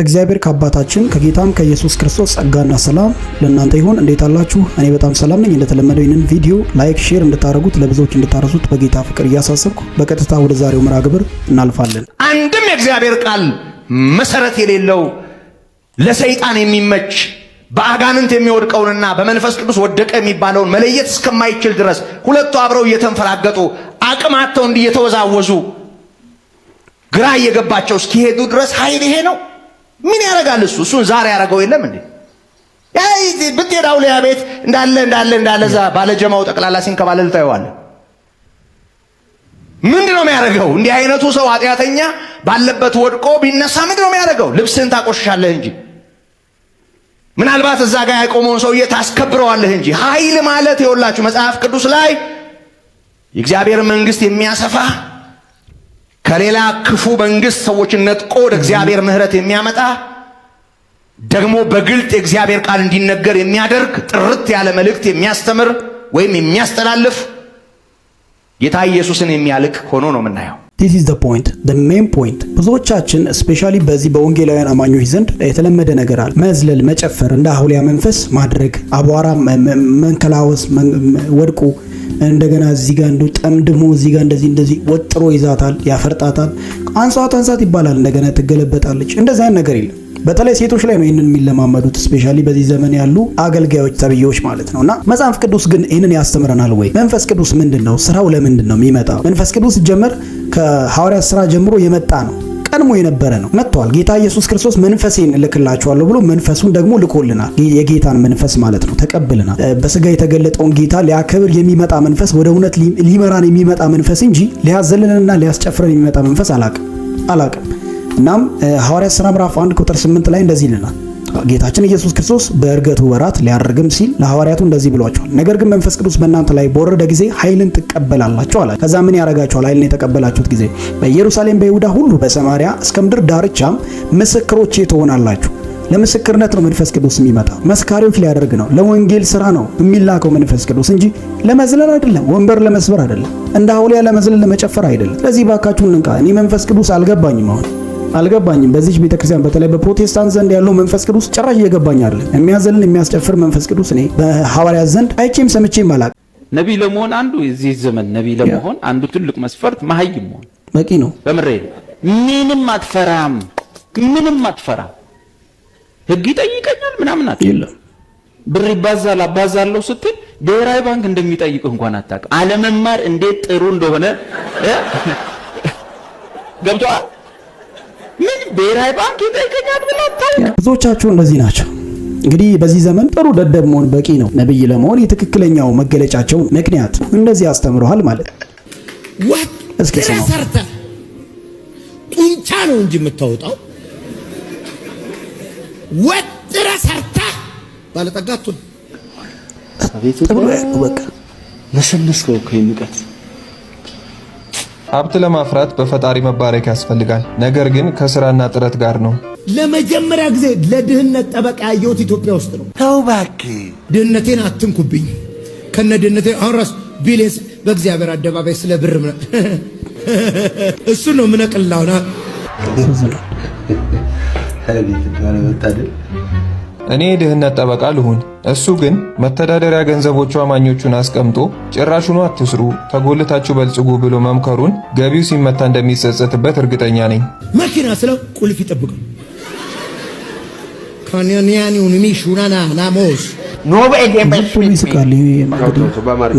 ከእግዚአብሔር ከአባታችን ከጌታም ከኢየሱስ ክርስቶስ ጸጋና ሰላም ለእናንተ ይሁን። እንዴት አላችሁ? እኔ በጣም ሰላም ነኝ። እንደተለመደው ይህንን ቪዲዮ ላይክ፣ ሼር እንድታደርጉት ለብዙዎች እንድታረሱት በጌታ ፍቅር እያሳሰብኩ በቀጥታ ወደ ዛሬው ምራ ግብር እናልፋለን። አንድም የእግዚአብሔር ቃል መሰረት የሌለው ለሰይጣን የሚመች በአጋንንት የሚወድቀውንና በመንፈስ ቅዱስ ወደቀ የሚባለውን መለየት እስከማይችል ድረስ ሁለቱ አብረው እየተንፈራገጡ አቅም አጥተው እንዲህ እየተወዛወዙ ግራ እየገባቸው እስኪሄዱ ድረስ ኃይል ይሄ ነው። ምን ያደርጋል እሱ? እሱን ዛሬ ያደረገው የለም እንዴ? ብትሄድ አውሊያ ቤት እንዳለ እንዳለ እንዳለ እዛ ባለጀማው ጠቅላላ ሲንከባለል ታየዋለህ። ምንድን ነው የሚያደርገው? እንዲህ አይነቱ ሰው ኃጢአተኛ ባለበት ወድቆ ቢነሳ ምንድን ነው የሚያደርገው? ልብስህን ታቆሽሻለህ እንጂ ምናልባት እዛ ጋር ያቆመውን ሰውዬ ታስከብረዋለህ እንጂ። ኃይል ማለት የወላችሁ መጽሐፍ ቅዱስ ላይ የእግዚአብሔር መንግስት የሚያሰፋ ከሌላ ክፉ መንግስት ሰዎችን ነጥቆ ወደ እግዚአብሔር ምሕረት የሚያመጣ ደግሞ በግልጥ የእግዚአብሔር ቃል እንዲነገር የሚያደርግ ጥርት ያለ መልእክት የሚያስተምር ወይም የሚያስተላልፍ ጌታ ኢየሱስን የሚያልቅ ሆኖ ነው የምናየው። ዲስ ኢዝ ዘ ፖይንት ዘ ሜን ፖይንት። ብዙዎቻችን ስፔሻሊ በዚህ በወንጌላውያን አማኞች ዘንድ የተለመደ ነገር አለ። መዝለል፣ መጨፈር፣ እንደ አሁሊያ መንፈስ ማድረግ፣ አቧራ መንከላወስ፣ ወድቁ እንደገና እዚህ ጋር እንደ ጠምድሞ እዚህ ጋር እንደዚህ እንደዚህ ወጥሮ ይዛታል፣ ያፈርጣታል። አንሳት አንሳት ይባላል። እንደገና ትገለበጣለች። እንደዚህ አይነት ነገር የለም። በተለይ ሴቶች ላይ ነው ይህንን የሚለማመዱት፣ ስፔሻሊ በዚህ ዘመን ያሉ አገልጋዮች ተብዬዎች ማለት ነው። እና መጽሐፍ ቅዱስ ግን ይህንን ያስተምረናል ወይ? መንፈስ ቅዱስ ምንድን ነው ስራው? ለምንድን ነው የሚመጣው? መንፈስ ቅዱስ ጀመር ከሐዋርያት ስራ ጀምሮ የመጣ ነው። ቀድሞ የነበረ ነው። መጥቷል። ጌታ ኢየሱስ ክርስቶስ መንፈሴን እልክላችኋለሁ ብሎ መንፈሱን ደግሞ ልኮልናል። የጌታን መንፈስ ማለት ነው ተቀብልናል። በስጋ የተገለጠውን ጌታ ሊያከብር የሚመጣ መንፈስ፣ ወደ እውነት ሊመራን የሚመጣ መንፈስ እንጂ ሊያዘልንና ሊያስጨፍረን የሚመጣ መንፈስ አላቅም አላቅም። እናም ሐዋርያት ሥራ ምዕራፍ 1 ቁጥር 8 ላይ እንደዚህ ይልናል ጌታችን ኢየሱስ ክርስቶስ በእርገቱ ወራት ሊያርግም ሲል ለሐዋርያቱ እንደዚህ ብሏቸዋል። ነገር ግን መንፈስ ቅዱስ በእናንተ ላይ በወረደ ጊዜ ኃይልን ትቀበላላችሁ አላቸው። ከዛ ምን ያደርጋችኋል? ኃይልን የተቀበላችሁት ጊዜ በኢየሩሳሌም፣ በይሁዳ ሁሉ፣ በሰማሪያ እስከ ምድር ዳርቻ ምስክሮቼ ትሆናላችሁ። ለምስክርነት ነው መንፈስ ቅዱስ የሚመጣ። መስካሪዎች ሊያደርግ ነው። ለወንጌል ስራ ነው የሚላከው መንፈስ ቅዱስ እንጂ ለመዝለል አይደለም፣ ወንበር ለመስበር አይደለም፣ እንደ ሐውልያ ለመዝለል ለመጨፈር አይደለም። ስለዚህ ባካችሁ እንንቃ። እኔ መንፈስ ቅዱስ አልገባኝም አሁን አልገባኝም። በዚች ቤተክርስቲያን በተለይ በፕሮቴስታንት ዘንድ ያለው መንፈስ ቅዱስ ጭራሽ እየገባኝ አለ። የሚያዘልን የሚያስጨፍር መንፈስ ቅዱስ እኔ በሐዋርያት ዘንድ አይቼም ሰምቼም አላውቅም። ነቢይ ለመሆን አንዱ የዚህ ዘመን ነቢይ ለመሆን አንዱ ትልቅ መስፈርት መሀይም መሆን በቂ ነው። በምሬ ምንም አትፈራም፣ ምንም አትፈራም። ህግ ይጠይቀኛል ምናምን አትልም። ብር ይባዛል አባዛለሁ ስትል ብሔራዊ ባንክ እንደሚጠይቅ እንኳን አታውቅም። አለመማር እንዴት ጥሩ እንደሆነ ገብቶሃል። ምን ብሔራዊ ባንክ ይጠይቀኛል ብላ ብዙዎቻችሁ እንደዚህ ናቸው። እንግዲህ በዚህ ዘመን ጥሩ ደደብ መሆን በቂ ነው። ነብይ ለመሆን የትክክለኛው መገለጫቸው ምክንያት እንደዚህ አስተምረዋል ማለት እስኪ ሰርተ ጡንቻ ነው እንጂ የምታወጣው ወጥረ ሰርተ ባለጠጋቱ ቤት ጥብሎ በቃ መሰነስከው ከሚቀት ሀብት ለማፍራት በፈጣሪ መባረክ ያስፈልጋል። ነገር ግን ከስራና ጥረት ጋር ነው። ለመጀመሪያ ጊዜ ለድህነት ጠበቃ ያየሁት ኢትዮጵያ ውስጥ ነው። ተው እባክህ ድህነቴን አትንኩብኝ። ከነ ድህነቴ አሁን ራስ ቢሌንስ በእግዚአብሔር አደባባይ ስለ ብር እሱ ነው ምነቅላውና እኔ ድህነት ጠበቃ ልሁን እሱ ግን መተዳደሪያ ገንዘቦቹ አማኞቹን አስቀምጦ ጭራሹኑ አትስሩ፣ ተጎልታችሁ በልጽጉ ብሎ መምከሩን ገቢው ሲመታ እንደሚጸጸትበት እርግጠኛ ነኝ። መኪና ስለ ቁልፍ ይጠብቃል።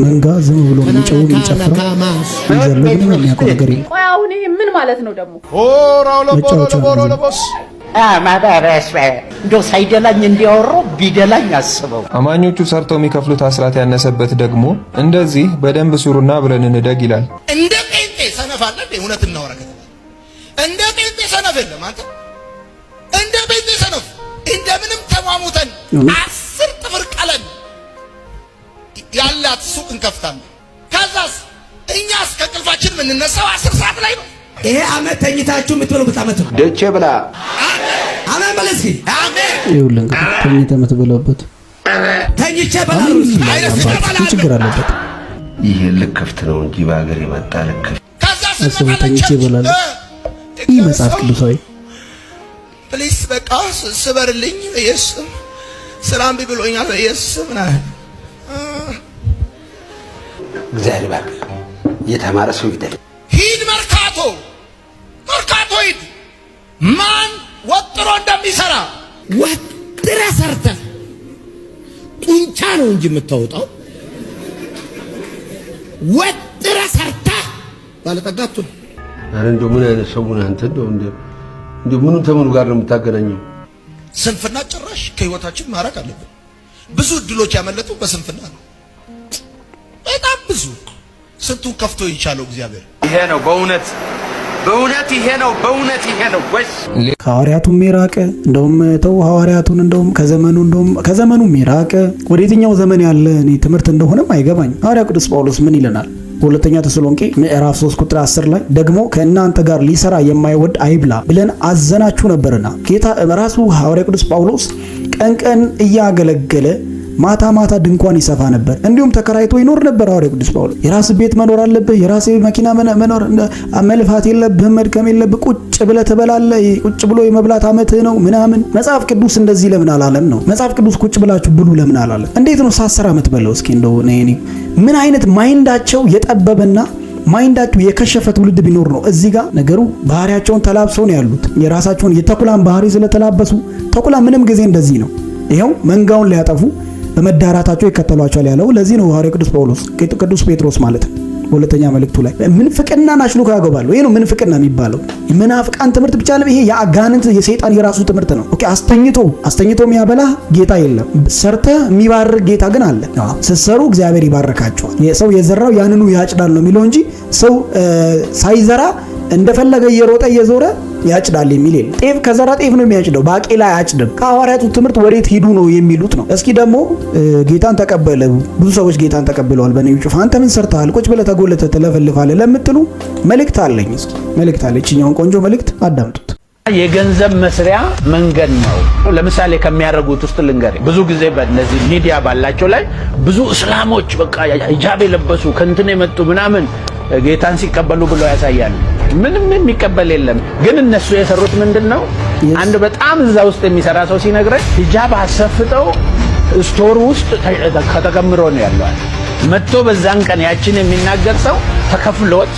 መንጋ ዝም ብሎ የሚጨው የሚጨፍረው የሚያውቀው ነገር የለም። ቆይ አሁን ምን ማለት ነው ደግሞ? ሳይደላኝ እንዲያወራው ቢደላኝ አስበው። አማኞቹ ሰርተው የሚከፍሉት አስራት ያነሰበት ደግሞ እንደዚህ በደንብ ስሩና ብለን እንደግ ይላል። እንደ ጴንጤ ሰነፍ አለ እውነት እናወረከት እንደ ጴንጤ ሰነፍ የለም። አንተ እንደ ጴንጤ ሰነፍ እንደምንም ተሟሙተን አስር ጥፍር ቀለም ያላት ሱቅ እንከፍታለን። ከዛስ እኛ ከቅልፋችን ቅልፋችን የምንነሳው አስር ሰዓት ላይ ነው። ይሄ አመት ተኝታችሁ የምትበሉበት አመት ነው። ደቼ ብላ አሜን በል ይሁልን። ተኝተህ የምትበላበት ተኝቼ በላሉ ችግር አለበት። ይሄ ልክፍት ነው እንጂ በሀገር የመጣ ልክፍት አስቡ። ተኝቼ ይበላል። ይህ መጽሐፍ ቅዱሳዊ ፕሊስ፣ በቃ ስበርልኝ። ኢየሱስ ስራ እምቢ ብሎኛል። ኢየሱስ ምናምን እግዚአብሔር ባክ የተማረ ሰው ይደል ሂድ መርካቶ ወጣት ሆይ ማን ወጥሮ እንደሚሰራ ወጥረ ሰርተ ጡንቻ ነው እንጂ የምታወጣው ወጥረ ሰርተ ባለጠጋቱ አረ እንደ ምን አይነት ሰው ነህ አንተ? እንደው እንደው ምኑን ተምኑ ጋር ነው የምታገናኘው? ስንፍና ጭራሽ ከህይወታችን ማራቅ አለብን። ብዙ እድሎች ያመለጡ በስንፍና ነው። በጣም ብዙ ስንቱን ከፍቶ ይቻለው እግዚአብሔር። ይሄ ነው በእውነት በእውነት ይሄ ነው፣ በእውነት ይሄ ነው ወይስ ከሐዋርያቱም የራቀ እንደውም ተው ሐዋርያቱን እንደውም ከዘመኑ እንደውም ከዘመኑም የራቀ ወደ የትኛው ዘመን ያለ እኔ ትምህርት እንደሆነም አይገባኝ። ሐዋርያ ቅዱስ ጳውሎስ ምን ይለናል? ሁለተኛ ተሰሎንቄ ምዕራፍ 3 ቁጥር 10 ላይ ደግሞ ከእናንተ ጋር ሊሰራ የማይወድ አይብላ ብለን አዘናችሁ ነበርና ጌታ ራሱ ሐዋርያ ቅዱስ ጳውሎስ ቀን ቀን እያገለገለ ማታ ማታ ድንኳን ይሰፋ ነበር፣ እንዲሁም ተከራይቶ ይኖር ነበር። ሐዋርያው ቅዱስ ጳውሎስ የራስ ቤት መኖር አለብህ፣ የራስ መኪና መኖር መልፋት የለብህም፣ መድከም የለብህ፣ ቁጭ ብለህ ትበላለህ። ቁጭ ብሎ የመብላት አመትህ ነው ምናምን። መጽሐፍ ቅዱስ እንደዚህ ለምን አላለም ነው? መጽሐፍ ቅዱስ ቁጭ ብላችሁ ብሉ ለምን አላለም? እንዴት ነው ሳስር አመት በለው እስኪ እንደው ምን አይነት ማይንዳቸው የጠበበና ማይንዳቸው የከሸፈ ትውልድ ቢኖር ነው እዚህ ጋር ነገሩ ባህሪያቸውን ተላብሰው ነው ያሉት። የራሳቸውን የተኩላን ባህሪ ስለተላበሱ ተኩላ ምንም ጊዜ እንደዚህ ነው። ይኸው መንጋውን ሊያጠፉ በመዳራታቸው ይከተሏቸዋል ያለው ለዚህ ነው ሐዋርያው ቅዱስ ጳውሎስ ቅዱስ ጴጥሮስ ማለት ነው። በሁለተኛ መልእክቱ ላይ ምንፍቅና ናሽሉ ያገባሉ። ይሄ ነው ምንፍቅና የሚባለው። መናፍቃን ትምህርት ብቻ ለም ይሄ የአጋንንት የሰይጣን የራሱ ትምህርት ነው። ኦኬ አስተኝቶ አስተኝቶ የሚያበላ ጌታ የለም። ሰርተ የሚባርክ ጌታ ግን አለ። ስትሰሩ እግዚአብሔር ይባርካቸዋል። ሰው የዘራው ያንኑ ያጭዳል ነው የሚለው እንጂ ሰው ሳይዘራ እንደፈለገ እየሮጠ እየዞረ ያጭዳል የሚል የለም። ጤፍ ከዘራ ጤፍ ነው የሚያጭደው፣ ባቄላ አያጭድም። ከሐዋርያቱ ትምህርት ወዴት ሂዱ ነው የሚሉት ነው። እስኪ ደግሞ ጌታን ተቀበለ ብዙ ሰዎች ጌታን ተቀብለዋል። በነቢዩ ጩፋ አንተ ምን ሰርተሃል? ቁጭ ብለህ ተጎለተ ተለፈልፋለህ ለምትሉ መልእክት አለኝ። እስኪ መልእክት አለ። ይችኛውን ቆንጆ መልእክት አዳምጡት። የገንዘብ መስሪያ መንገድ ነው። ለምሳሌ ከሚያደርጉት ውስጥ ልንገር። ብዙ ጊዜ በነዚህ ሚዲያ ባላቸው ላይ ብዙ እስላሞች በቃ ሂጃብ የለበሱ ከእንትን የመጡ ምናምን ጌታን ሲቀበሉ ብለው ያሳያሉ። ምንም የሚቀበል የለም። ግን እነሱ የሰሩት ምንድን ነው? አንድ በጣም እዛ ውስጥ የሚሰራ ሰው ሲነግረን ሂጃብ አሰፍጠው ስቶር ውስጥ ከተከምሮ ነው ያለዋል። መጥቶ በዛን ቀን ያችን የሚናገር ሰው ተከፍሎት፣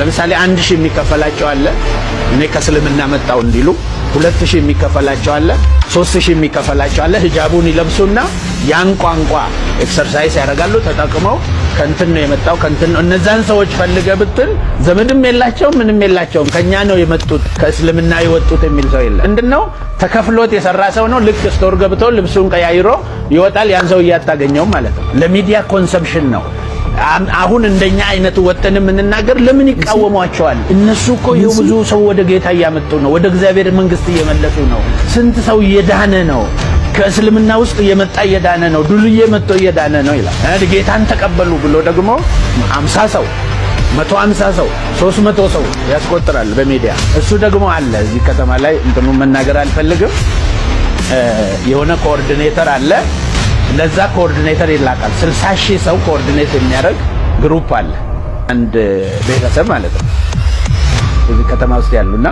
ለምሳሌ አንድ ሺህ የሚከፈላቸው አለ እኔ ከእስልምና መጣው እንዲሉ ሁለት ሺህ የሚከፈላቸው አለ፣ ሶስት ሺህ የሚከፈላቸው አለ። ሂጃቡን ይለብሱና ያን ቋንቋ ኤክሰርሳይዝ ያደርጋሉ ተጠቅመው ከንትን ነው የመጣው ከንትን ነው። እነዛን ሰዎች ፈልገ ብትል ዘመድም የላቸውም ምንም የላቸውም። ከኛ ነው የመጡት ከእስልምና የወጡት የሚል ሰው የለም። ምንድነው ተከፍሎት የሰራ ሰው ነው። ልክ ስቶር ገብቶ ልብሱን ቀያይሮ ይወጣል። ያን ሰው እያታገኘውም ማለት ነው። ለሚዲያ ኮንሰፕሽን ነው። አሁን እንደኛ አይነት ወጥተን የምንናገር ለምን ይቃወሟቸዋል? እነሱ እኮ ይኸው ብዙ ሰው ወደ ጌታ እያመጡ ነው። ወደ እግዚአብሔር መንግስት እየመለሱ ነው። ስንት ሰው እየዳነ ነው። ከእስልምና ውስጥ እየመጣ እየዳነ ነው። ዱልዬ መጥቶ እየዳነ ነው ይላል። ጌታን ተቀበሉ ብሎ ደግሞ አምሳ ሰው መቶ አምሳ ሰው ሶስት መቶ ሰው ያስቆጥራል በሚዲያ እሱ ደግሞ አለ እዚህ ከተማ ላይ እንትኑ መናገር አልፈልግም። የሆነ ኮኦርዲኔተር አለ ለዛ ኮኦርዲኔተር ይላካል። 60 ሺህ ሰው ኮኦርዲኔት የሚያደርግ ግሩፕ አለ፣ አንድ ቤተሰብ ማለት ነው እዚህ ከተማ ውስጥ ያሉና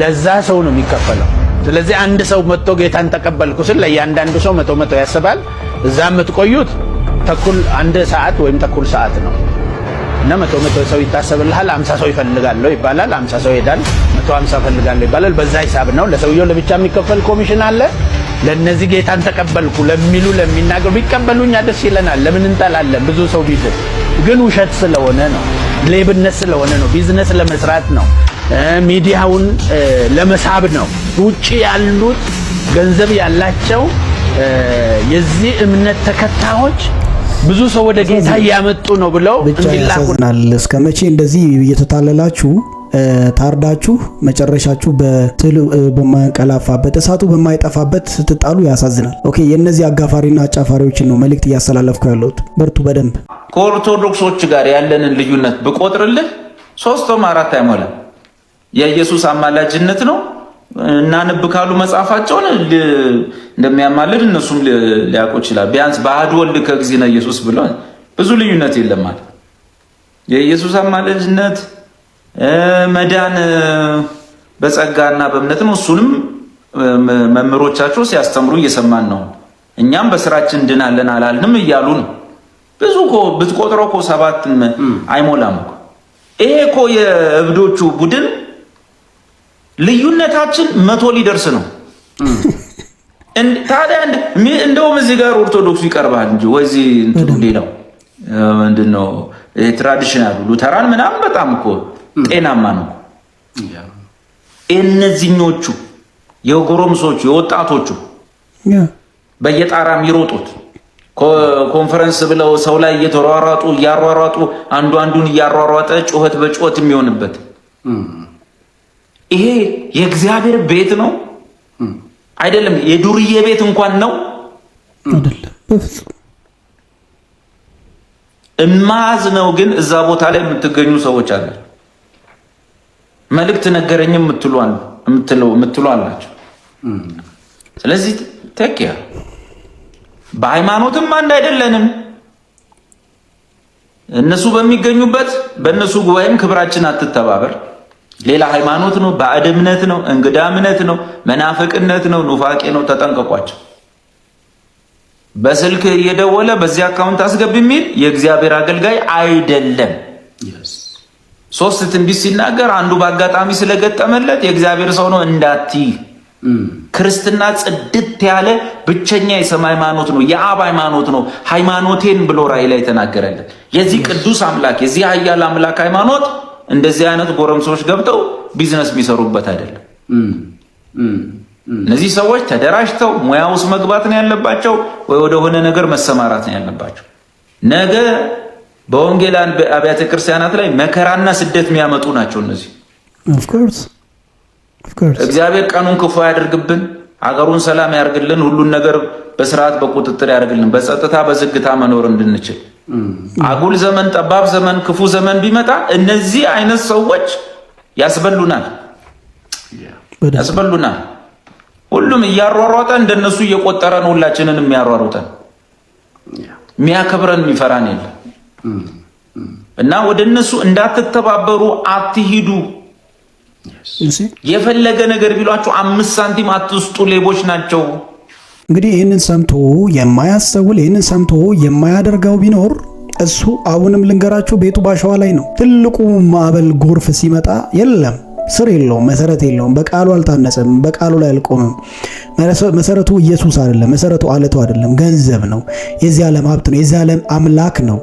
ለዛ ሰው ነው የሚከፈለው። ስለዚህ አንድ ሰው መጥቶ ጌታን ተቀበልኩ ስል ለእያንዳንዱ ሰው መቶ መቶ ያስባል። እዛ የምትቆዩት ተኩል አንድ ሰዓት ወይም ተኩል ሰዓት ነው እና መቶ መቶ ሰው ይታሰብልሃል። አምሳ ሰው ይፈልጋለሁ ይባላል። አምሳ ሰው ይሄዳል። መቶ ሀምሳ ፈልጋለሁ ይባላል። በዛ ሂሳብ ነው ለሰውየው ለብቻ የሚከፈል ኮሚሽን አለ። ለነዚህ ጌታን ተቀበልኩ ለሚሉ ለሚናገሩ ቢቀበሉኛ ደስ ይለናል። ለምን እንጠላለን? ብዙ ሰው ቢድን ግን ውሸት ስለሆነ ነው፣ ሌብነት ስለሆነ ነው፣ ቢዝነስ ለመስራት ነው፣ ሚዲያውን ለመሳብ ነው። ውጭ ያሉት ገንዘብ ያላቸው የዚህ እምነት ተከታዮች ብዙ ሰው ወደ ጌታ እያመጡ ነው ብለው እንዲላኩናል። ያሳዝናል። እስከ መቼ እንደዚህ እየተታለላችሁ ታርዳችሁ መጨረሻችሁ በትል በማያንቀላፋበት እሳቱ በማይጠፋበት ስትጣሉ ያሳዝናል። ኦኬ የእነዚህ አጋፋሪና አጫፋሪዎችን ነው መልእክት እያስተላለፍኩ ያለሁት። በርቱ። በደንብ ከኦርቶዶክሶች ጋር ያለንን ልዩነት ብቆጥርልህ ሶስቶም አራት አይሞላም። የኢየሱስ አማላጅነት ነው እናንብ ካሉ መጽሐፋቸውን እንደሚያማልድ እነሱም ሊያውቁ ይችላል። ቢያንስ በአሐዱ ወልድ ከእግዚእነ ኢየሱስ ብሎ ብዙ ልዩነት የለም ማለት የኢየሱስ አማላጅነት መዳን በጸጋና በእምነት ነው። እሱንም መምህሮቻቸው ሲያስተምሩ እየሰማን ነው። እኛም በስራችን እንድናለን አላልንም እያሉ ነው። ብዙ እኮ ብትቆጥረው እኮ ሰባት አይሞላም ይሄ እኮ የእብዶቹ ቡድን ልዩነታችን መቶ ሊደርስ ነው። ታዲያ እንደውም እዚህ ጋር ኦርቶዶክሱ ይቀርባል እንጂ ወዚህ ሌላው ምንድን ነው ትራዲሽናሉ ሉተራን ምናምን በጣም እኮ ጤናማ ነው። እነዚህኞቹ የጎረምሶቹ የወጣቶቹ በየጣራ የሚሮጡት ኮንፈረንስ ብለው ሰው ላይ እየተሯሯጡ እያሯሯጡ አንዱ አንዱን እያሯሯጠ ጩኸት በጩኸት የሚሆንበት ይሄ የእግዚአብሔር ቤት ነው አይደለም። የዱርዬ ቤት እንኳን ነው አይደለም። እማዝ ነው ግን እዛ ቦታ ላይ የምትገኙ ሰዎች አለ መልእክት ነገረኝ የምትሉ አላቸው። ስለዚህ ተኪያ በሃይማኖትም አንድ አይደለንም። እነሱ በሚገኙበት በእነሱ ጉባኤም ክብራችን አትተባበር። ሌላ ሃይማኖት ነው፣ ባዕድ እምነት ነው፣ እንግዳ እምነት ነው፣ መናፍቅነት ነው፣ ኑፋቄ ነው። ተጠንቀቋቸው። በስልክ እየደወለ በዚህ አካውንት አስገብ የሚል የእግዚአብሔር አገልጋይ አይደለም። ሶስት ትንቢት ሲናገር አንዱ በአጋጣሚ ስለገጠመለት የእግዚአብሔር ሰው ነው እንዳቲ። ክርስትና ጽድት ያለ ብቸኛ የሰማይ ሃይማኖት ነው፣ የአብ ሃይማኖት ነው። ሃይማኖቴን ብሎ ራእይ ላይ ተናገረለት የዚህ ቅዱስ አምላክ የዚህ ኃያል አምላክ ሃይማኖት እንደዚህ አይነት ጎረምሶች ገብተው ቢዝነስ የሚሰሩበት አይደለም። እነዚህ ሰዎች ተደራጅተው ሙያ ውስጥ መግባት ነው ያለባቸው፣ ወይ ወደሆነ ነገር መሰማራት ነው ያለባቸው ነገ በወንጌላን አብያተ ክርስቲያናት ላይ መከራና ስደት የሚያመጡ ናቸው። እነዚህ እግዚአብሔር ቀኑን ክፉ ያደርግብን፣ አገሩን ሰላም ያደርግልን፣ ሁሉን ነገር በስርዓት በቁጥጥር ያደርግልን፣ በጸጥታ በዝግታ መኖር እንድንችል። mm. አጉል ዘመን፣ ጠባብ ዘመን፣ ክፉ ዘመን ቢመጣ እነዚህ አይነት ሰዎች ያስበሉናል ያስበሉናል። ሁሉም እያሯሯጠ እንደነሱ እየቆጠረን ሁላችንን የሚያሯሩጠን የሚያከብረን የሚፈራን የለም። እና ወደ እነሱ እንዳትተባበሩ አትሂዱ። የፈለገ ነገር ቢሏቸው አምስት ሳንቲም አትስጡ፣ ሌቦች ናቸው። እንግዲህ ይህንን ሰምቶ የማያስተውል ይህንን ሰምቶ የማያደርገው ቢኖር እሱ አሁንም ልንገራችሁ፣ ቤቱ ባሸዋ ላይ ነው። ትልቁ ማዕበል ጎርፍ ሲመጣ የለም ስር የለውም፣ መሰረት የለውም። በቃሉ አልታነጸም፣ በቃሉ ላይ አልቆምም። መሰረቱ ኢየሱስ አይደለም፣ መሰረቱ አለቱ አይደለም፣ ገንዘብ ነው። የዚህ ዓለም ሀብት ነው፣ የዚህ ዓለም አምላክ ነው።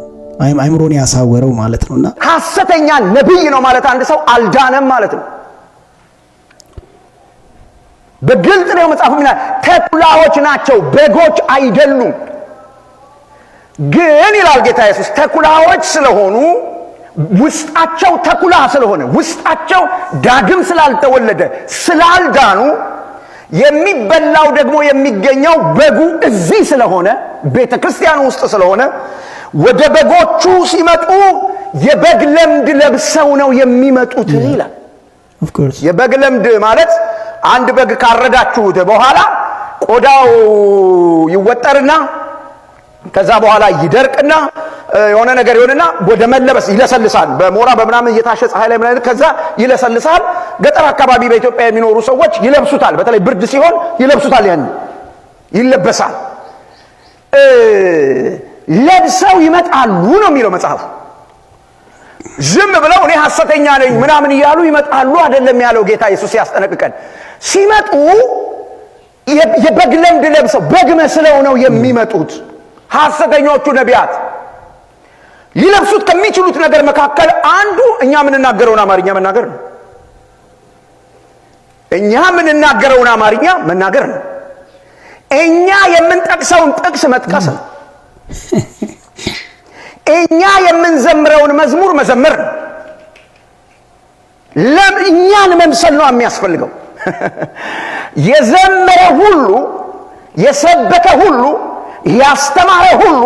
አይምሮን ያሳወረው ማለት ነውና ሐሰተኛ ነቢይ ነው ማለት አንድ ሰው አልዳነም ማለት ነው። በግልጽ ነው መጽሐፉ ሚና ተኩላዎች ናቸው፣ በጎች አይደሉም። ግን ይላል ጌታ ኢየሱስ ተኩላዎች ስለሆኑ ውስጣቸው ተኩላ ስለሆነ ውስጣቸው ዳግም ስላልተወለደ ስላልዳኑ የሚበላው ደግሞ የሚገኘው በጉ እዚህ ስለሆነ ቤተ ክርስቲያን ውስጥ ስለሆነ ወደ በጎቹ ሲመጡ የበግ ለምድ ለብሰው ነው የሚመጡት ይላል። የበግ ለምድ ማለት አንድ በግ ካረዳችሁት በኋላ ቆዳው ይወጠርና ከዛ በኋላ ይደርቅና የሆነ ነገር ይሆንና ወደ መለበስ ይለሰልሳል። በሞራ በምናምን እየታሸ ፀሐይ ላይ ምናምን ከዛ ይለሰልሳል። ገጠር አካባቢ በኢትዮጵያ የሚኖሩ ሰዎች ይለብሱታል። በተለይ ብርድ ሲሆን ይለብሱታል። ያን ይለበሳል። ለብሰው ይመጣሉ ነው የሚለው መጽሐፉ። ዝም ብለው እኔ ሐሰተኛ ነኝ ምናምን እያሉ ይመጣሉ አይደለም ያለው ጌታ ኢየሱስ ያስጠነቅቀን። ሲመጡ የበግ ለምድ ለብሰው በግ መስለው ነው የሚመጡት ሐሰተኞቹ ነቢያት። ሊለብሱት ከሚችሉት ነገር መካከል አንዱ እኛ የምንናገረውን አማርኛ መናገር ነው። እኛ የምንናገረውን አማርኛ መናገር ነው። እኛ የምንጠቅሰውን ጥቅስ መጥቀስ ነው። እኛ የምንዘምረውን መዝሙር መዘመር ነው። እኛን መምሰል ነው የሚያስፈልገው። የዘመረ ሁሉ የሰበከ ሁሉ ያስተማረ ሁሉ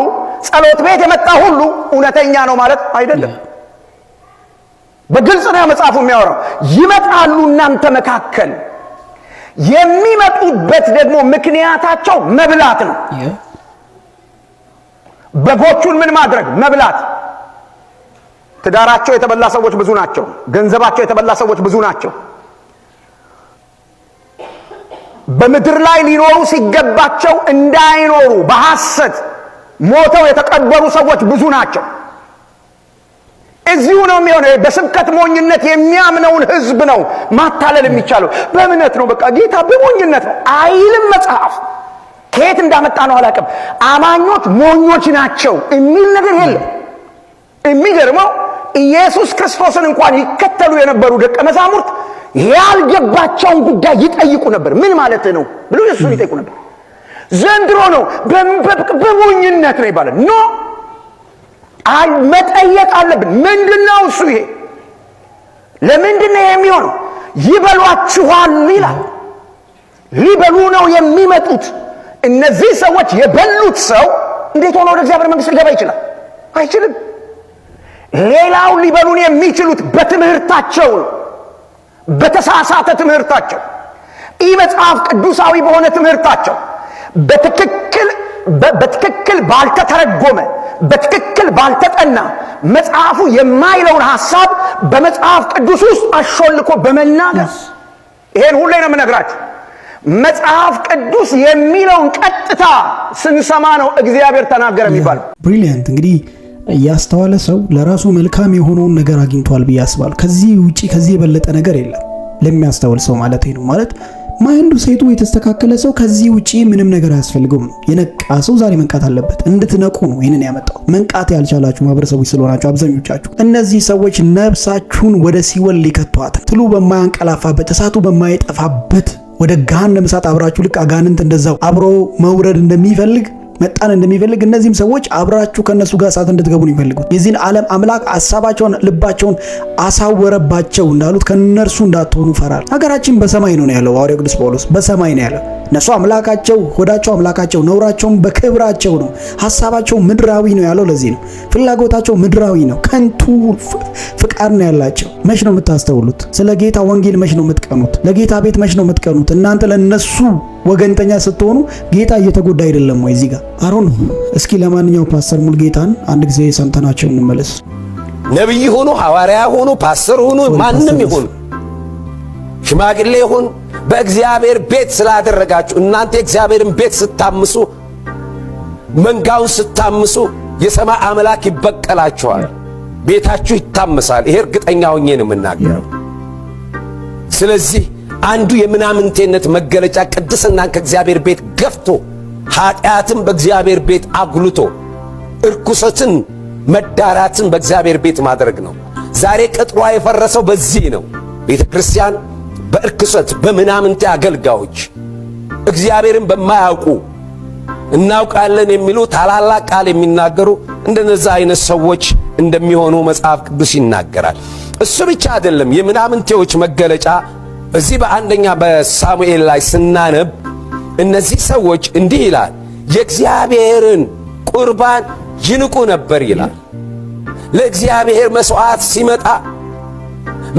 ጸሎት ቤት የመጣ ሁሉ እውነተኛ ነው ማለት አይደለም። በግልጽ ነው መጽሐፉ የሚያወራው። ይመጣሉ እናንተ መካከል የሚመጡበት ደግሞ ምክንያታቸው መብላት ነው። በጎቹን ምን ማድረግ መብላት። ትዳራቸው የተበላ ሰዎች ብዙ ናቸው። ገንዘባቸው የተበላ ሰዎች ብዙ ናቸው። በምድር ላይ ሊኖሩ ሲገባቸው እንዳይኖሩ በሐሰት ሞተው የተቀበሩ ሰዎች ብዙ ናቸው። እዚሁ ነው የሚሆነው። በስብከት ሞኝነት የሚያምነውን ሕዝብ ነው ማታለል የሚቻለው። በእምነት ነው በቃ ጌታ በሞኝነት ነው አይልም መጽሐፍ። ከየት እንዳመጣ ነው አላውቅም። አማኞች ሞኞች ናቸው የሚል ነገር የለም። የሚገርመው ኢየሱስ ክርስቶስን እንኳን ይከተሉ የነበሩ ደቀ መዛሙርት ያልገባቸውን ጉዳይ ይጠይቁ ነበር። ምን ማለት ነው ብሎ ኢየሱስን ይጠይቁ ነበር። ዘንድሮ ነው በሞኝነት ነው ይባላል። ኖ መጠየቅ አለብን። ምንድነው እሱ ይሄ ለምንድነው የሚሆነው? ይበሏችኋል ይላል። ሊበሉ ነው የሚመጡት እነዚህ ሰዎች የበሉት ሰው እንዴት ሆኖ ወደ እግዚአብሔር መንግስት ሊገባ ይችላል? አይችልም። ሌላው ሊበሉን የሚችሉት በትምህርታቸው ነው። በተሳሳተ ትምህርታቸው፣ ኢ መጽሐፍ ቅዱሳዊ በሆነ ትምህርታቸው በትክክል በትክክል ባልተተረጎመ በትክክል ባልተጠና መጽሐፉ የማይለውን ሐሳብ በመጽሐፍ ቅዱስ ውስጥ አሾልኮ በመናገር ይሄን ሁሌ ነው የምነግራችሁ። መጽሐፍ ቅዱስ የሚለውን ቀጥታ ስንሰማ ነው እግዚአብሔር ተናገረ የሚባለው። ብሪሊያንት እንግዲህ ያስተዋለ ሰው ለራሱ መልካም የሆነውን ነገር አግኝቷል ብዬ አስባለሁ። ከዚህ ውጪ ከዚህ የበለጠ ነገር የለም ለሚያስተውል ሰው ማለት ነው። ማለት ማይንዱ ሴቱ የተስተካከለ ሰው ከዚህ ውጪ ምንም ነገር አያስፈልገውም ነው። የነቃ ሰው ዛሬ መንቃት አለበት። እንድትነቁ ነው ይህንን ያመጣው። መንቃት ያልቻላችሁ ማህበረሰቦች ስለሆናችሁ አብዛኞቻችሁ፣ እነዚህ ሰዎች ነፍሳችሁን ወደ ሲወል ሊከቷት ትሉ በማያንቀላፋበት እሳቱ በማይጠፋበት ወደ ገሃነም እሳት አብራችሁ ልክ አጋንንት እንደዛው አብሮ መውረድ እንደሚፈልግ መጣን እንደሚፈልግ እነዚህም ሰዎች አብራችሁ ከነሱ ጋር እሳት እንድትገቡ ነው የሚፈልጉት። የዚህን ዓለም አምላክ ሀሳባቸውን ልባቸውን አሳወረባቸው እንዳሉት ከነርሱ እንዳትሆኑ ፈራል። ሀገራችን በሰማይ ነው ያለው ሐዋርያው ቅዱስ ጳውሎስ በሰማይ ነው ያለው። እነሱ አምላካቸው ሆዳቸው አምላካቸው ነውራቸውም በክብራቸው ነው። ሀሳባቸው ምድራዊ ነው ያለው ለዚህ ነው። ፍላጎታቸው ምድራዊ ነው። ከንቱ ፍቃድ ነው ያላቸው። መች ነው የምታስተውሉት? ስለ ጌታ ወንጌል መች ነው የምትቀኑት? ለጌታ ቤት መች ነው የምትቀኑት? እናንተ ለነሱ ወገንተኛ ስትሆኑ ጌታ እየተጎዳ አይደለም ወይ? እዚህ ጋር አሮን እስኪ ለማንኛው ፓስተር ሙልጌታን አንድ ጊዜ ሰምተናቸው እንመለስ። ነቢይ ሆኖ ሐዋርያ ሆኖ ፓስተር ሆኖ ማንም ይሁን ሽማግሌ ይሁን በእግዚአብሔር ቤት ስላደረጋችሁ እናንተ የእግዚአብሔርን ቤት ስታምሱ፣ መንጋውን ስታምሱ የሰማይ አምላክ ይበቀላችኋል። ቤታችሁ ይታመሳል። ይሄ እርግጠኛ ሆኜ ነው የምናገረው። ስለዚህ አንዱ የምናምንቴነት መገለጫ ቅድስናን ከእግዚአብሔር ቤት ገፍቶ ኃጢአትን በእግዚአብሔር ቤት አጉልቶ እርኩሰትን መዳራትን በእግዚአብሔር ቤት ማድረግ ነው። ዛሬ ቅጥሯ የፈረሰው በዚህ ነው ቤተ ክርስቲያን በእርክሰት በምናምንቴ አገልጋዮች እግዚአብሔርን በማያውቁ እናውቃለን የሚሉ ታላላቅ ቃል የሚናገሩ እንደነዛ አይነት ሰዎች እንደሚሆኑ መጽሐፍ ቅዱስ ይናገራል። እሱ ብቻ አይደለም። የምናምንቴዎች መገለጫ እዚህ በአንደኛ በሳሙኤል ላይ ስናነብ እነዚህ ሰዎች እንዲህ ይላል፣ የእግዚአብሔርን ቁርባን ይንቁ ነበር ይላል። ለእግዚአብሔር መሥዋዕት ሲመጣ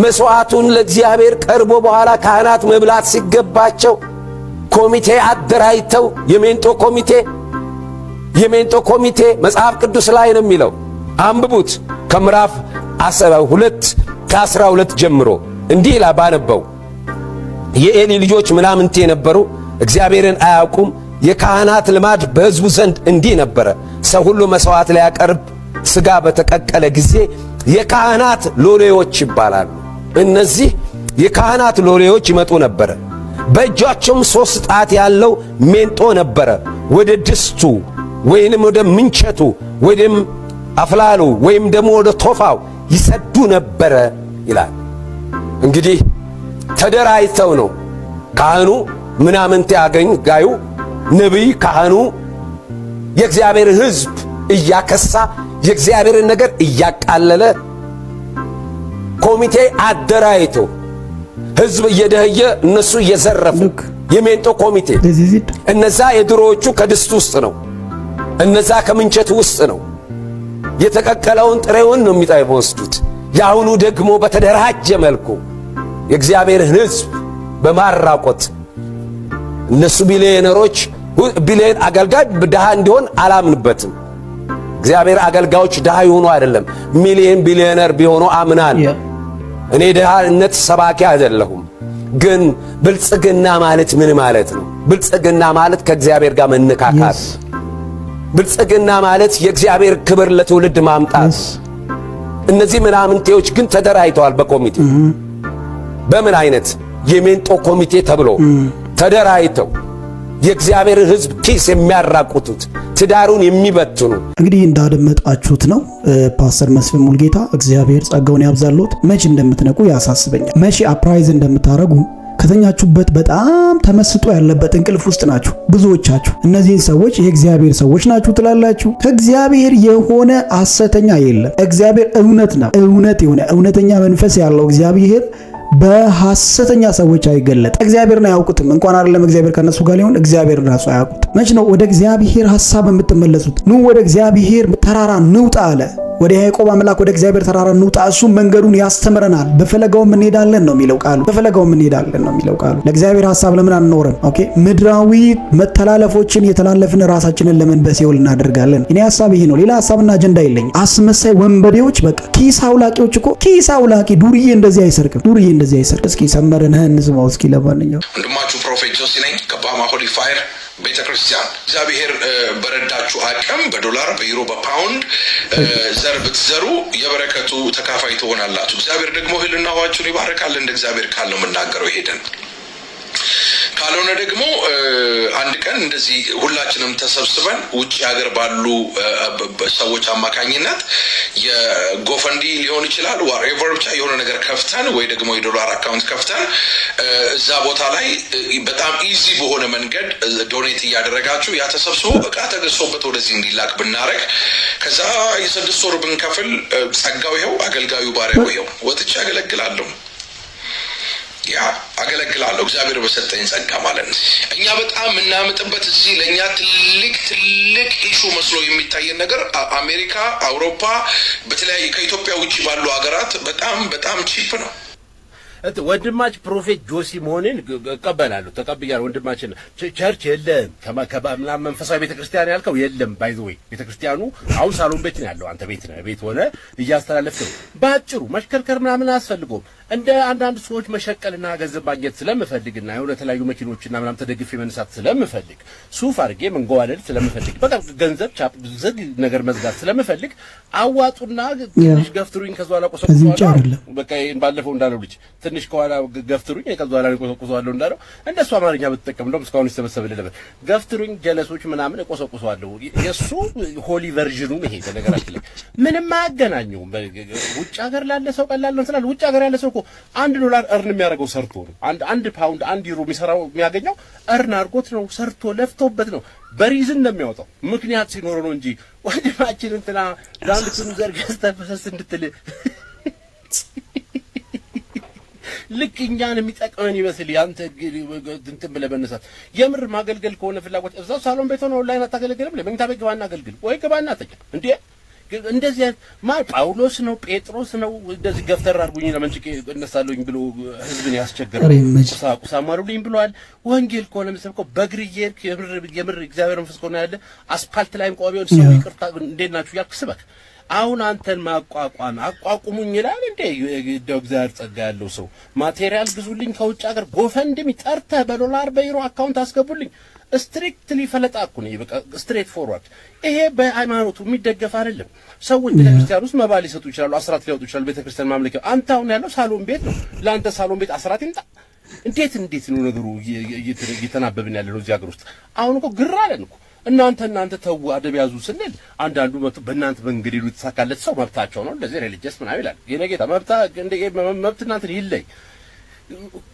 መስዋዕቱን ለእግዚአብሔር ቀርቦ በኋላ ካህናት መብላት ሲገባቸው ኮሚቴ አደራጅተው የሜንጦ ኮሚቴ የሜንጦ ኮሚቴ መጽሐፍ ቅዱስ ላይ ነው የሚለው። አንብቡት ከምዕራፍ ሁለት ከአስራ ሁለት ጀምሮ እንዲህ ይላ ባነበው የኤሊ ልጆች ምናምንቴ ነበሩ፣ እግዚአብሔርን አያውቁም። የካህናት ልማድ በሕዝቡ ዘንድ እንዲህ ነበረ፣ ሰው ሁሉ መሥዋዕት ሊያቀርብ ሥጋ በተቀቀለ ጊዜ የካህናት ሎሌዎች ይባላሉ። እነዚህ የካህናት ሎሌዎች ይመጡ ነበረ። በእጃቸውም ሦስት ጣት ያለው ሜንጦ ነበረ። ወደ ድስቱ ወይንም ወደ ምንቸቱ ወይም አፍላሉ ወይም ደግሞ ወደ ቶፋው ይሰዱ ነበረ ይላል። እንግዲህ ተደራጅተው ነው ካህኑ ምናምንት ያገኝ ጋዩ ነቢይ ካህኑ የእግዚአብሔር ሕዝብ እያከሳ የእግዚአብሔርን ነገር እያቃለለ ኮሚቴ አደራይቶ ህዝብ እየደህየ እነሱ እየዘረፉ የሜንጦ ኮሚቴ እነዛ የድሮዎቹ ከድስት ውስጥ ነው፣ እነዛ ከምንቸት ውስጥ ነው። የተቀቀለውን ጥሬውን ነው የሚጣይ በወስዱት። የአሁኑ ደግሞ በተደራጀ መልኩ የእግዚአብሔርን ህዝብ በማራቆት እነሱ ቢሊዮነሮች ቢሊዮን አገልጋይ ድሃ እንዲሆን አላምንበትም። እግዚአብሔር አገልጋዮች ድሃ ይሆኑ አይደለም። ሚሊየን ቢሊዮነር ቢሆኑ አምናል። እኔ ድሃነት ሰባኪ አይደለሁም። ግን ብልጽግና ማለት ምን ማለት ነው? ብልጽግና ማለት ከእግዚአብሔር ጋር መነካካት፣ ብልጽግና ማለት የእግዚአብሔር ክብር ለትውልድ ማምጣት። እነዚህ ምናምንቴዎች ግን ተደራጅተዋል። በኮሚቴ mm-hmm. በምን አይነት የሜንጦ ኮሚቴ ተብሎ mm-hmm. ተደራጅተው የእግዚአብሔር ሕዝብ ኪስ የሚያራቁቱት ትዳሩን የሚበትኑ እንግዲህ እንዳደመጣችሁት ነው። ፓስተር መስፍን ሙልጌታ እግዚአብሔር ጸጋውን ያብዛሉት። መቼ እንደምትነቁ ያሳስበኛል። መቼ አፕራይዝ እንደምታረጉ ከተኛችሁበት በጣም ተመስጦ ያለበት እንቅልፍ ውስጥ ናችሁ። ብዙዎቻችሁ እነዚህን ሰዎች የእግዚአብሔር ሰዎች ናችሁ ትላላችሁ። ከእግዚአብሔር የሆነ ሐሰተኛ የለም። እግዚአብሔር እውነት ነው። እውነት የሆነ እውነተኛ መንፈስ ያለው እግዚአብሔር በሐሰተኛ ሰዎች አይገለጥም። እግዚአብሔርን አያውቁትም። እንኳን አይደለም እግዚአብሔር ከነሱ ጋር ሊሆን እግዚአብሔር ራሱ አያውቁትም። መች ነው ወደ እግዚአብሔር ሐሳብ የምትመለሱት? ኑ ወደ እግዚአብሔር ተራራ ንውጣ አለ። ወደ ያዕቆብ አምላክ ወደ እግዚአብሔር ተራራ እንውጣ፣ እሱ መንገዱን ያስተምረናል፣ በፈለጋውም እንሄዳለን ነው የሚለው ቃሉ። በፈለጋውም እንሄዳለን ነው የሚለው ቃሉ። ለእግዚአብሔር ሐሳብ ለምን አንኖርም? ኦኬ ምድራዊ መተላለፎችን የተላለፍን ራሳችንን ለምን በሲኦል እናደርጋለን? እኔ ሐሳብ ይሄ ነው። ሌላ ሐሳብና አጀንዳ የለኝ አስመሳይ ወንበዴዎች፣ በቃ ኪስ አውላቂዎች እኮ ኪስ አውላቂ ዱርዬ እንደዚህ አይሰርቅም ዱርዬ እንደዚህ አይሰር። እስኪ ሰመርንህ እንስማው። እስኪ ለማንኛው ወንድማችሁ ፕሮፌት ጆሲ ነኝ ከባማ ሆሊ ፋየር ቤተ ክርስቲያን እግዚአብሔር በረዳችሁ አቅም በዶላር በዩሮ በፓውንድ ዘር ብትዘሩ የበረከቱ ተካፋይ ትሆናላችሁ። እግዚአብሔር ደግሞ ህልናዋችሁን ውሃችሁን ይባርካል። እንደ እግዚአብሔር ቃል ነው የምናገረው። ይሄደን ካልሆነ ደግሞ ቀን እንደዚህ ሁላችንም ተሰብስበን ውጭ ሀገር ባሉ ሰዎች አማካኝነት የጎፈንዲ ሊሆን ይችላል ዋሬቨር ብቻ የሆነ ነገር ከፍተን ወይ ደግሞ የዶላር አካውንት ከፍተን እዛ ቦታ ላይ በጣም ኢዚ በሆነ መንገድ ዶኔት እያደረጋችሁ ያ ተሰብስቦ እቃ ተገዝቶበት ወደዚህ እንዲላክ ብናረግ ከዛ የስድስት ወር ብንከፍል ጸጋው ይኸው አገልጋዩ ባሪያው ይኸው ወጥቼ አገለግላለሁ። ያ አገለግላለሁ እግዚአብሔር በሰጠኝ ጸጋ ማለት ነው። እኛ በጣም የምናምጥበት እዚህ ለእኛ ትልቅ ትልቅ ኢሹ መስሎ የሚታየን ነገር አሜሪካ፣ አውሮፓ፣ በተለያየ ከኢትዮጵያ ውጭ ባሉ ሀገራት በጣም በጣም ቺፕ ነው። ወንድማች ፕሮፌት ጆሲ መሆኔን እቀበላለሁ፣ ተቀብያለሁ። ወንድማችን ቸርች የለም ከምናምን መንፈሳዊ ቤተክርስቲያን ያልከው የለም። ባይ ዘ ወይ ቤተክርስቲያኑ አሁን ሳሎን ቤት ነው ያለው። አንተ ቤት ነው ቤት ሆነ እያስተላለፍክ ነው። በአጭሩ መሽከርከር ምናምን አያስፈልገውም። እንደ አንዳንድ ሰዎች መሸቀልና ገንዘብ ማግኘት ስለምፈልግና የሆነ የተለያዩ መኪኖችና ምናምን ተደግፌ መንሳት ስለምፈልግ ሱፍ አድርጌ መንገዋለል ስለምፈልግ በቃ ገንዘብ ቻፕ ዝግ ነገር መዝጋት ስለምፈልግ አዋጡና ትንሽ ገፍትሩኝ ከዛ ላቆሰ በቃ ባለፈው እንዳለው ልጅ ትንሽ ከኋላ ገፍትሩኝ ከዛ ኋላ እቆሰቁሰዋለሁ እንዳለው እንደሱ አማርኛ ብትጠቀም እንደውም እስካሁን ይሰበሰብልህ ነበር። ገፍትሩኝ ጀለሶች ምናምን እቆሰቁሰዋለሁ። የእሱ ሆሊ ቨርዥኑ ይሄ በነገራችን ላይ ምንም አያገናኘውም። ውጭ ሀገር ላለ ሰው ቀላል ነው ትላለህ። ውጭ ሀገር ያለ ሰው እኮ አንድ ዶላር እርን የሚያደርገው ሰርቶ ነው። አንድ አንድ ፓውንድ አንድ ዩሮ የሚሰራው የሚያገኘው እርን አድርጎት ነው፣ ሰርቶ ለፍቶበት ነው። በሪዝን ነው የሚያወጣው። ምክንያት ሲኖረው ነው እንጂ ወንድማችን እንትና ዛንድ ትንዘር ገዝተህ ፈሰስ እንድትል ልክ እኛን የሚጠቅመን ይመስል ያንተ እንትን ብለህ በነሳት የምር ማገልገል ከሆነ ፍላጎት እዛው ሳሎን ቤት ሆነ ኦንላይን አታገለግልም። ለመኝታ ቤት ግባና አገልግል ወይ ግባና ተኛ እንዴ እንደዚህ አይነት ማ ጳውሎስ ነው ጴጥሮስ ነው እንደዚህ ገፍተር አድርጉኝ ለመንጭቄ እነሳለሁኝ ብሎ ህዝብን ያስቸግራል። ቁሳቁስ አሟሉልኝ ብለዋል። ወንጌል ከሆነ የምትሰብከው በእግር እየሄድክ የምር የምር እግዚአብሔር መንፈስ ከሆነ ያለ አስፓልት ላይም ቆሜ ሰው ይቅርታ እንዴት ናችሁ እያልክ ስበክ አሁን አንተን ማቋቋም አቋቁሙኝ ይላል እንዴ? እንደው እግዚአብሔር ጸጋ ያለው ሰው ማቴሪያል ግዙልኝ ከውጭ ሀገር ጎፈንድሚ ጠርተህ በዶላር በዩሮ አካውንት አስገቡልኝ። ስትሪክትሊ ፈለጣኩ ነው በቃ ስትሬት ፎርዋርድ። ይሄ በሃይማኖቱ የሚደገፍ አይደለም። ሰዎች ቤተክርስቲያን ውስጥ መባል ሊሰጡ ይችላሉ፣ አስራት ሊያወጡ ይችላሉ። ቤተክርስቲያን ማምለኪያ አንተ አሁን ያለው ሳሎን ቤት ነው። ለአንተ ሳሎን ቤት አስራት ይምጣ። እንዴት እንዴት ነው ነገሩ? እየተናበብን ያለ ነው እዚህ ሀገር ውስጥ አሁን እኮ ግራ አለን እኮ እናንተ እናንተ ተው አደብ ያዙ ስንል አንዳንዱ በእናንተ መንገድ በእንግዲህ የተሳካለት ሰው መብታቸው ነው እንደዚህ ሪሊጅስ ምናምን ይላል። የነጌታ መብታ እንደ መብት እናንተን ይለይ፣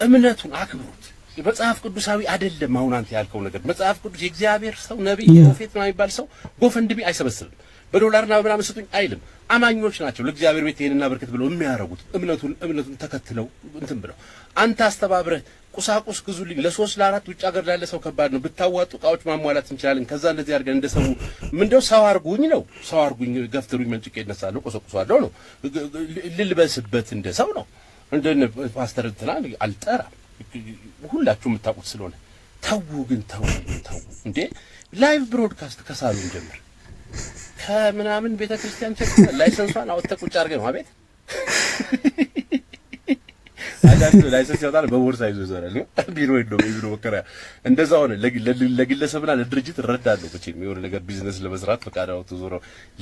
እምነቱን አክብሩት። መጽሐፍ ቅዱሳዊ አይደለም። አሁን አንተ ያልከው ነገር መጽሐፍ ቅዱስ የእግዚአብሔር ሰው ነቢይ፣ ፕሮፌት ነው የሚባል ሰው ጎፈንድሚ አይሰበስብም። በዶላርና በምናምን ስጡኝ አይልም። አማኞች ናቸው ለእግዚአብሔር ቤት ይሄንና በርከት ብለው የሚያረጉት እምነቱን እምነቱን ተከትለው እንትን ብለው አንተ አስተባብረህ ቁሳቁስ ግዙልኝ። ለሶስት ለአራት ውጭ ሀገር ላለ ሰው ከባድ ነው። ብታዋጡ እቃዎች ማሟላት እንችላለን። ከዛ እንደዚህ አድርገን እንደሰሙ ምንድነው ሰው አርጉኝ ነው ሰው አርጉኝ፣ ገፍትሩኝ፣ መንጭቄ እነሳለሁ፣ ቆሰቁሳለሁ ነው ልልበስበት እንደ ሰው ነው። እንደነ ፓስተር እንትና አልጠራም፣ ሁላችሁ የምታውቁት ስለሆነ ተው። ግን ተው ተው እንዴ! ላይቭ ብሮድካስት ከሳሉን ጀምር ከምናምን ቤተክርስቲያን ቸክ ላይሰንሷን አወጥተህ ቁጭ አድርገህ ነው አቤት አንዳንድ ላይሰንስ በቦርሳ ይዞ ይዞራል። ቢሮ የለውም፣ የቢሮ መከራያ። እንደዛ ሆነ። ለግለሰብና ለድርጅት እረዳለሁ። መቼም የሆነ ነገር ቢዝነስ ለመስራት ፈቃድ አውጥቶ ዞሮ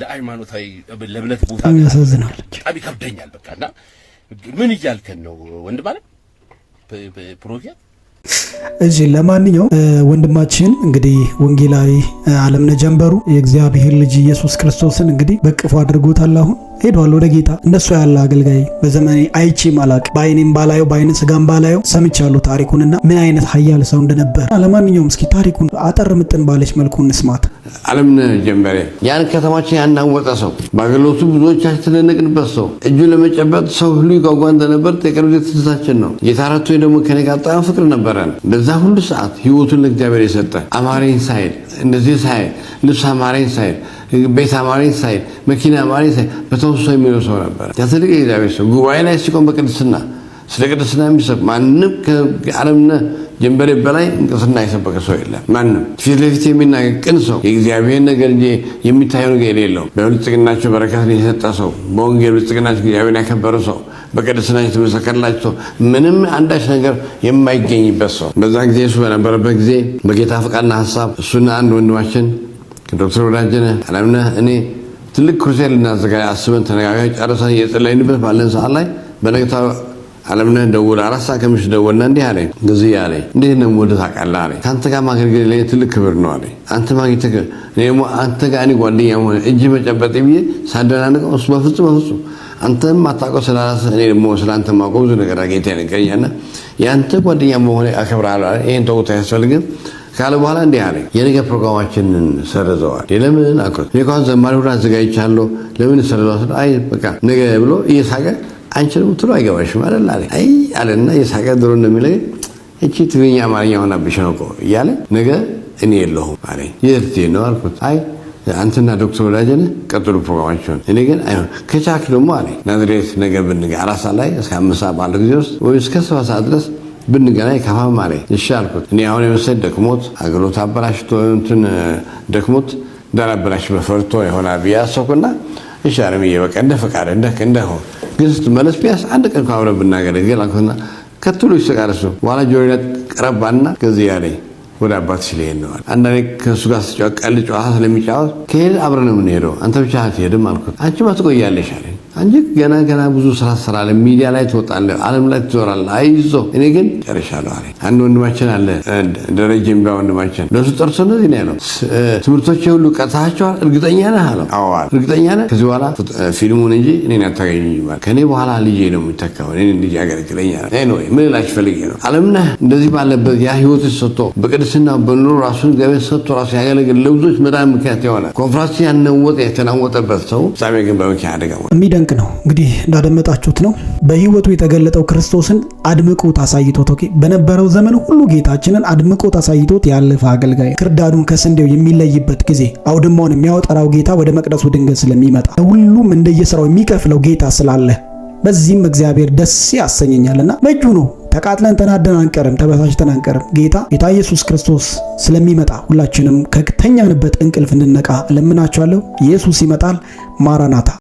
ለሃይማኖታዊ ለእምነት ቦታ ያሳዝናል፣ በጣም ይከብደኛል። በቃ እና ምን እያልከን ነው እሺ ለማንኛውም ወንድማችን እንግዲህ ወንጌላዊ አለምነህ ጀንበሩ የእግዚአብሔር ልጅ ኢየሱስ ክርስቶስን እንግዲህ በቅፎ አድርጎታል አሁን ሄዷል ወደ ጌታ። እንደሱ ያለ አገልጋይ በዘመኔ አይቼም ማላቅ በአይኔም ባላየው በአይነ ስጋም ባላየው ሰምቻለሁ ታሪኩንና ምን አይነት ሀያል ሰው እንደነበር። ለማንኛውም እስኪ ታሪኩን አጠር ምጥን ባለች መልኩ እንስማት። አለምነህ ጀንበሬ ያን ከተማችን ያናወጠ ሰው፣ በአገልግሎቱ ብዙዎቻችን ተደነቅንበት ሰው፣ እጁ ለመጨበጥ ሰው ሁሉ ይጓጓ እንደነበር የቅርብ ጊዜ ትዝታችን ነው። ጌታ ደግሞ ከኔ ጋር በጣም ፍቅር ነበረን። በዛ ሁሉ ሰዓት ህይወቱን ለእግዚአብሔር የሰጠ አማረኝ ሳይል እንደዚህ ሳይል ልብስ አማረኝ ሳይል ቤት አማሪን ሳይል መኪና አማሪን ሳይል በተወሶ የሚለው ሰው ነበር። ያ ትልቅ ሰው ጉባኤ ላይ ሲቆም በቅድስና ስለ ቅድስና የሚሰብ ማንም ከአለምነ ጀንበሬ በላይ እንቅስና የሰበቀ ሰው የለም። ማንም ፊት ለፊት የሚናገር ቅን ሰው የእግዚአብሔር ነገር እ የሚታየው ነገር የሌለው በብልጽግናቸው በረከት የሰጠ ሰው በወንጌል ብልጽግናቸው እግዚአብሔር ያከበረ ሰው በቅድስና የተመሰከረላቸው ሰው ምንም አንዳች ነገር የማይገኝበት ሰው በዛ ጊዜ እሱ በነበረበት ጊዜ በጌታ ፈቃድና ሀሳብ እሱና አንድ ወንድማችን ዶክተር ወዳጀነ አለምነህ እኔ ትልቅ ክሩሴድ ልናዘጋጅ አስበን ተነጋጋጅ ጨርሰን እየጸለይንበት ባለን ሰዓት ላይ በነገታ አለምነ ደወለ። አራት ሰዓት ከምሽት ደወልና እንዲህ አለ ግዝያ አለ እንዴት ነው ወደ ታውቃለህ አለ ከአንተ ጋር ማገልገል ለእኔ ትልቅ ክብር ነው አለ አንተ ማግኘት እኔ ደግሞ አንተ ጋር እኔ ጓደኛ ሆነ እጅ መጨበጥ ብዬ ሳደናንቀው እሱ በፍጹም በፍጹም አንተም አታውቀው ስላላስ እኔ ደግሞ ስለአንተ ማውቀው ብዙ ነገር አገኝታ ይነገረኛልና የአንተ ጓደኛ መሆን አከብርሃለሁ። ይህን ተውት አያስፈልግም ካለ በኋላ እንዲህ አለ፣ የነገ ፕሮግራማችንን ሰረዘዋል። ለምን አክሮት ኳን ዘማሪ ሁሉ አዘጋጅቻለሁ ለምን ሰረዘዋል? አይ በቃ ነገ ብሎ እየሳቀ አንቺ ደግሞ ትሎ አይገባሽም አይደል አለ። አይ አለና እየሳቀ ድሮ እንደሚለኝ እቺ ትግርኛ አማርኛ ሆናብሽ ነው እኮ እያለ ነገ እኔ የለሁም አለ። የት ነው አልኩት። አይ አንተና ዶክተር ወዳጀን ቀጥሉ ፕሮግራማቸውን እኔ ግን አይሆን ከቻክ ደግሞ አለ ናዝሬት ነገ ብንገ አራት ሰዓት ላይ እስከ አምስት ሰዓት ባለው ጊዜ ውስጥ ወይ እስከ ሰባት ሰዓት ድረስ ብንገናኝ ከፋም ይሻልኩት እሺ አልኩት። እኔ አሁን የመሰለኝ ደክሞት አገሎት አበላሽቶ እንትን ደክሞት እንዳላበላሽ በፈርቶ የሆና ብዬ አሰብኩና እሺ አለምዬ በቃ እንደ ፈቃደ እንደሆነ ግን ስትመለስ ቢያስ አንድ ቀን እኮ ብናገለግል ብናገር ከትሉ አልኩትና ከትሎ ይሰቃል እሱ። በኋላ ጆሮዬ ቀረባና ከዚህ ያለኝ ወደ አባት ሲልሄድ ነዋል። አንዳንዴ ከእሱ ጋር ስጫወት ቀልድ ጨዋታ ስለሚጫወት ከሄድ አብረን የምንሄደው አንተ ብቻ አትሄድም አልኩት። አንቺማ ትቆያለሽ አለ አንቺ ገና ገና ብዙ ስራ ትሰራለህ፣ ሚዲያ ላይ ትወጣለህ፣ አለም ላይ ትዞራለህ፣ አይዞ እኔ ግን ጨርሻለሁ አለ። አንድ ወንድማችን አለ ደረጀ የሚባ ወንድማችን ለሱ ጠርሶ እንደዚህ ነው ያለው፣ ትምህርቶች ሁሉ ቀጥታቸዋል፣ እርግጠኛ ነህ አለው። እርግጠኛ ነህ፣ ከዚህ በኋላ ፊልሙን እንጂ እኔን አታገኙኝ ማለት ከእኔ በኋላ ልጄ ነው የሚተካው፣ እኔን ልጅ ያገለግለኛል። ይ ምን ላች ፈልጌ ነው ዓለምነህ እንደዚህ ባለበት ያ ህይወት ሰጥቶ በቅድስና በኑሮ ራሱን ገበት ሰጥቶ ራሱ ያገለግል ለብዙዎች መዳን ምክንያት የሆነ ኮንፍራንስ ያነወጠ የተናወጠበት ሰው ፍጻሜ ግን በመኪና አደጋ ማድነቅ ነው። እንግዲህ እንዳደመጣችሁት ነው በህይወቱ የተገለጠው ክርስቶስን አድምቆት አሳይቶት ኦኬ፣ በነበረው ዘመን ሁሉ ጌታችንን አድምቆት አሳይቶት ያለፈ አገልጋይ ክርዳዱን ከስንዴው የሚለይበት ጊዜ አውድማውን የሚያወጠራው ጌታ ወደ መቅደሱ ድንገት ስለሚመጣ ለሁሉም እንደየስራው የሚከፍለው ጌታ ስላለ በዚህም እግዚአብሔር ደስ ያሰኘኛልና መጁ ነው። ተቃጥለን ተናደን አንቀርም፣ ተበሳጭተን አንቀርም። ጌታ ጌታ ኢየሱስ ክርስቶስ ስለሚመጣ ሁላችንም ከተኛንበት እንቅልፍ እንድነቃ እለምናችኋለሁ። ኢየሱስ ይመጣል። ማራናታ